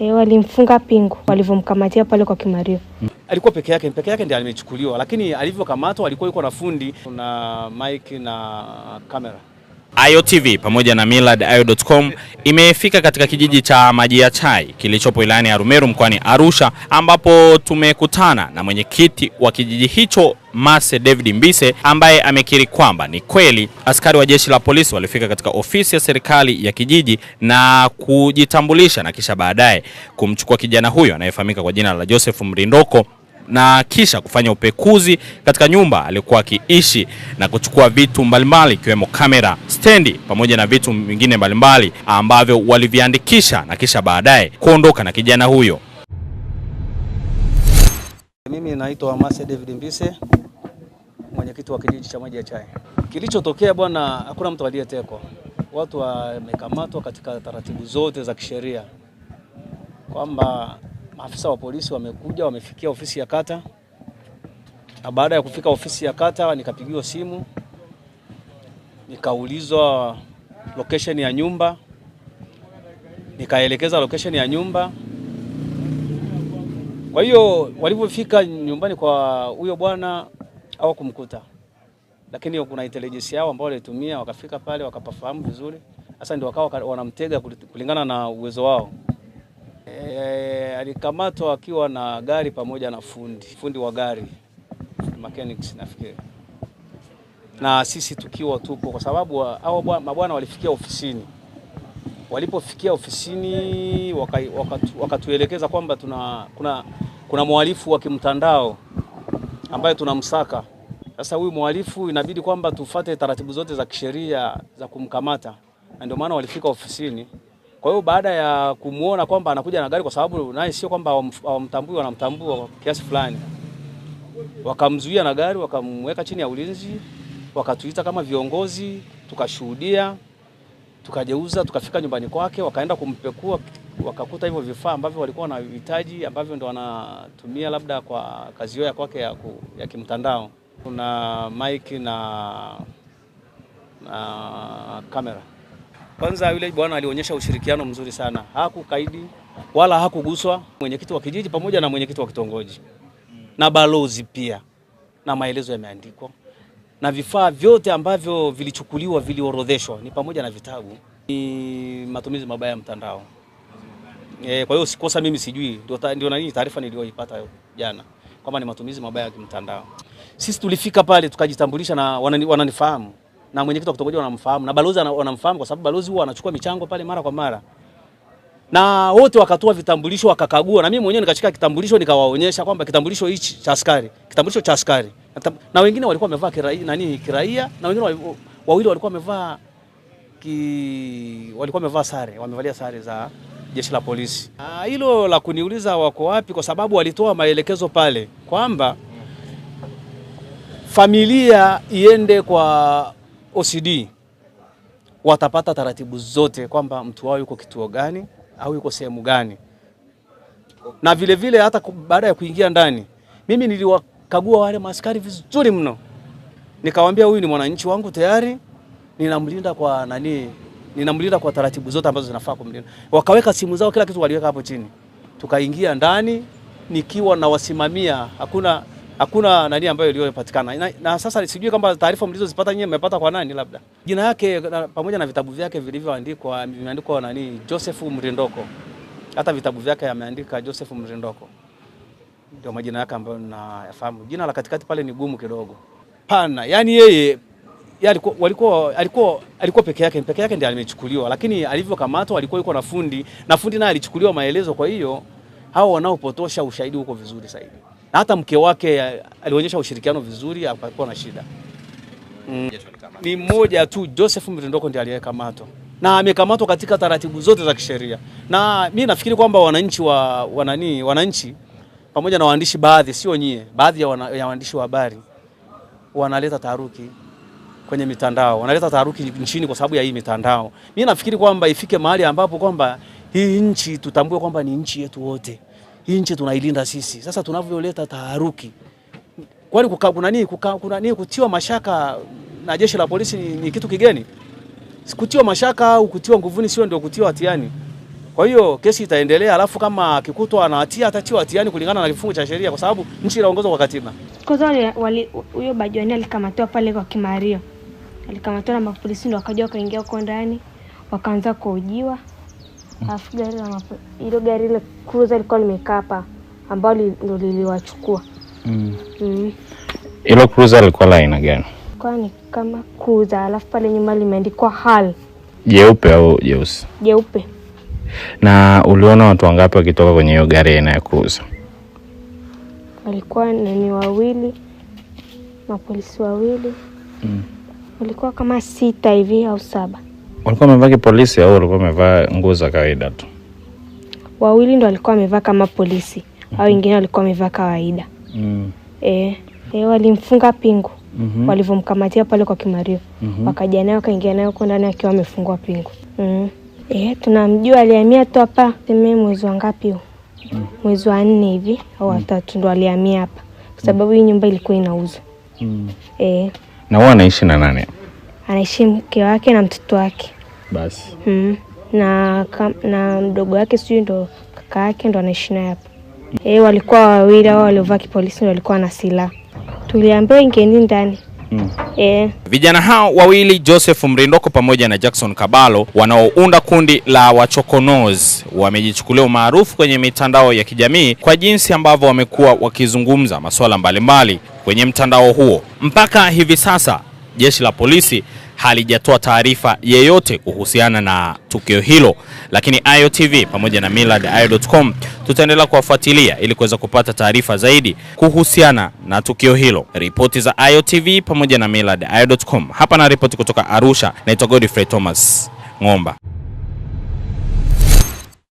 Eh, walimfunga pingu walivyomkamatia pale kwa Kimario. Alikuwa peke yake, peke yake ndiye alimechukuliwa, lakini alivyokamatwa alikuwa yuko na fundi na mike na kamera. Ayo TV pamoja na millardayo.com imefika katika kijiji cha Maji ya Chai kilichopo wilayani ya Arumeru mkoani Arusha ambapo tumekutana na mwenyekiti wa kijiji hicho Mase David Mbise ambaye amekiri kwamba ni kweli askari wa jeshi la polisi walifika katika ofisi ya serikali ya kijiji na kujitambulisha na kisha baadaye kumchukua kijana huyo anayefahamika kwa jina la Joseph Mrindoko na kisha kufanya upekuzi katika nyumba alikuwa akiishi na kuchukua vitu mbalimbali ikiwemo kamera, stendi pamoja na vitu vingine mbalimbali ambavyo waliviandikisha na kisha baadaye kuondoka na kijana huyo. Mimi naitwa Amase David Mbise, mwenyekiti wa kijiji cha Maji ya Chai. Kilichotokea bwana, hakuna mtu aliyetekwa, watu wamekamatwa katika taratibu zote za kisheria, kwamba maafisa wa polisi wamekuja, wamefikia ofisi ya kata, na baada ya kufika ofisi ya kata nikapigiwa simu, nikaulizwa location ya nyumba, nikaelekeza location ya nyumba kwa hiyo walivyofika nyumbani kwa huyo bwana hawakumkuta, lakini kuna intelligence yao ambao walitumia, wakafika pale wakapafahamu vizuri, hasa ndio wakawa wanamtega kulingana na uwezo wao. E, alikamatwa akiwa na gari pamoja na fundi fundi wa gari mechanics nafikiri, na sisi tukiwa tupo, kwa sababu hao mabwana walifikia ofisini Walipofikia ofisini wakatuelekeza waka kwamba kuna, kuna mhalifu wa kimtandao ambaye tunamsaka. Sasa huyu mhalifu inabidi kwamba tufate taratibu zote za kisheria za kumkamata, na ndio maana walifika ofisini. Kwa hiyo baada ya kumuona kwamba anakuja na gari, kwa sababu naye sio kwamba hawamtambui, wanamtambua kwa kiasi fulani, wakamzuia na gari, wakamweka chini ya ulinzi, wakatuita kama viongozi, tukashuhudia tukajeuza, tukafika nyumbani kwake, wakaenda kumpekua, wakakuta hivyo vifaa ambavyo walikuwa wanavihitaji, ambavyo ndo wanatumia labda kwa kazi hiyo ya kwake ya, ya kimtandao. Kuna mic na, na kamera. Kwanza yule bwana alionyesha ushirikiano mzuri sana, hakukaidi wala hakuguswa. Mwenyekiti wa kijiji pamoja na mwenyekiti wa kitongoji na balozi pia, na maelezo yameandikwa na vifaa vyote ambavyo vilichukuliwa viliorodheshwa ni pamoja na vitabu. Ni matumizi mabaya ya mtandao e, kwa hiyo sikosa mimi sijui, ndio ndio na nini taarifa niliyoipata jana kwamba ni matumizi mabaya ya kimtandao. Sisi tulifika pale tukajitambulisha na wanani, wananifahamu na mwenyekiti wa kitongoji wanamfahamu na balozi wanamfahamu, kwa sababu balozi huwa anachukua michango pale mara kwa mara, na wote wakatoa vitambulisho wakakagua, na mimi mwenyewe nikashika kitambulisho nikawaonyesha kwamba kitambulisho hichi cha askari, kitambulisho cha askari na wengine walikuwa wamevaa kiraia, nani kiraia, na wengine wawili walikuwa wamevaa ki, walikuwa wamevaa sare, wamevalia sare za jeshi la polisi. Ah, hilo la kuniuliza wako wapi, kwa sababu walitoa maelekezo pale kwamba familia iende kwa OCD, watapata taratibu zote kwamba mtu wao yuko kituo gani au yuko sehemu gani, na vilevile vile hata baada ya kuingia ndani mimi niliwa kagua wale maskari vizuri mno. Nikamwambia huyu ni mwananchi wangu tayari, ninamlinda kwa nani, ninamlinda kwa taratibu zote ambazo zinafaa kumlinda. Wakaweka simu zao, kila kitu waliweka hapo chini. Tukaingia ndani nikiwa nawasimamia, hakuna hakuna nani ambayo iliyopatikana na, na sasa sijui kama taarifa mlizozipata nyinyi mmepata kwa nani, labda jina yake na, pamoja na vitabu vyake vilivyoandikwa vimeandikwa nani, Joseph Mrindoko. Hata vitabu vyake ameandika Joseph Mrindoko ndio majina yake ambayo nayafahamu. Jina la katikati pale ni gumu kidogo, pana yani yeye ya alikuwa walikuwa alikuwa alikuwa peke yake peke yake ndiye alimechukuliwa, lakini alivyokamatwa alikuwa yuko na fundi na fundi naye alichukuliwa maelezo. Kwa hiyo hao wanaopotosha ushahidi huko vizuri zaidi, na hata mke wake alionyesha ushirikiano vizuri, hapakuwa na shida mm. Ni mmoja tu Joseph Mrindoko ndiye aliyekamatwa na amekamatwa katika taratibu zote za kisheria, na mimi nafikiri kwamba wananchi wa wanani wananchi pamoja na waandishi baadhi, sio nyie, baadhi ya, wana, ya waandishi wa habari wanaleta taharuki kwenye mitandao, wanaleta taharuki nchini kwa sababu ya hii mitandao. Mimi nafikiri kwamba ifike mahali ambapo kwamba hii nchi tutambue kwamba ni nchi yetu wote, hii nchi tunailinda sisi. Sasa tunavyoleta taharuki, kwani kuna nini? Kuna nini kutiwa mashaka na jeshi la polisi? Ni, ni kitu kigeni? Kutiwa mashaka au kutiwa nguvuni sio ndio kutiwa hatiani? Kwa hiyo kesi itaendelea, alafu kama akikutwa na hatia atatiwa hatiani kulingana na kifungu cha sheria, kwa sababu nchi inaongozwa kwa katiba. Huyo Bajwani alikamatwa pale kwa Kimario, alikamatwa na mapolisi, ndio wakaja wakaingia huko ndani, wakaanza kuhojiwa, alafu gari la hilo gari ile cruiser ilikuwa limekaa hapa, ambao ndio liliwachukua mm. Mm. hilo cruiser. Lilikuwa la aina gani? Kwa ni kama cruiser, alafu pale nyuma limeandikwa hal jeupe au jeusi? Jeupe. Na uliona watu wangapi wakitoka kwenye hiyo gari aina ya kuuza? Walikuwa nani? Wawili, mapolisi wawili mm. Walikuwa kama sita hivi au saba. Walikuwa wamevaa kipolisi au walikuwa wamevaa nguo za kawaida tu? Wawili ndo walikuwa wamevaa kama polisi mm -hmm. Au mhm. wengine walikuwa wamevaa kawaida mm. E, e, walimfunga pingu mm -hmm. Walivyomkamatia pale kwa kimario mm -hmm. Wakaja naye wakaingia naye huko ndani akiwa amefungwa pingu mm. Eh, tunamjua alihamia tu hapa seme mwezi wa ngapi huu, mm. mwezi wa nne hivi au mm. watatu, ndo alihamia hapa kwa mm. sababu hii nyumba ilikuwa inauzwa. Mm. Eh. Na wao anaishi na nani? Anaishi mke wake na mtoto wake basi. Mm. Na, na mdogo wake sijui ndo kaka yake ndo anaishi naye hapa. Eh, walikuwa wawili au waliovaa kipolisi ndo walikuwa na silaha. Tuliambiwa ingeni ndani. Mm. Yeah. Vijana hao wawili Joseph Mrindoko pamoja na Jackson Kabalo wanaounda kundi la Wachokonozi wamejichukulia umaarufu kwenye mitandao ya kijamii kwa jinsi ambavyo wamekuwa wakizungumza masuala mbalimbali kwenye mtandao huo. Mpaka hivi sasa jeshi la polisi halijatoa taarifa yeyote kuhusiana na tukio hilo, lakini iotv pamoja na millardayo.com tutaendelea kuwafuatilia ili kuweza kupata taarifa zaidi kuhusiana na tukio hilo. Ripoti za iotv pamoja na millardayo.com. Hapa na ripoti kutoka Arusha, naitwa Godfrey Thomas Ng'omba.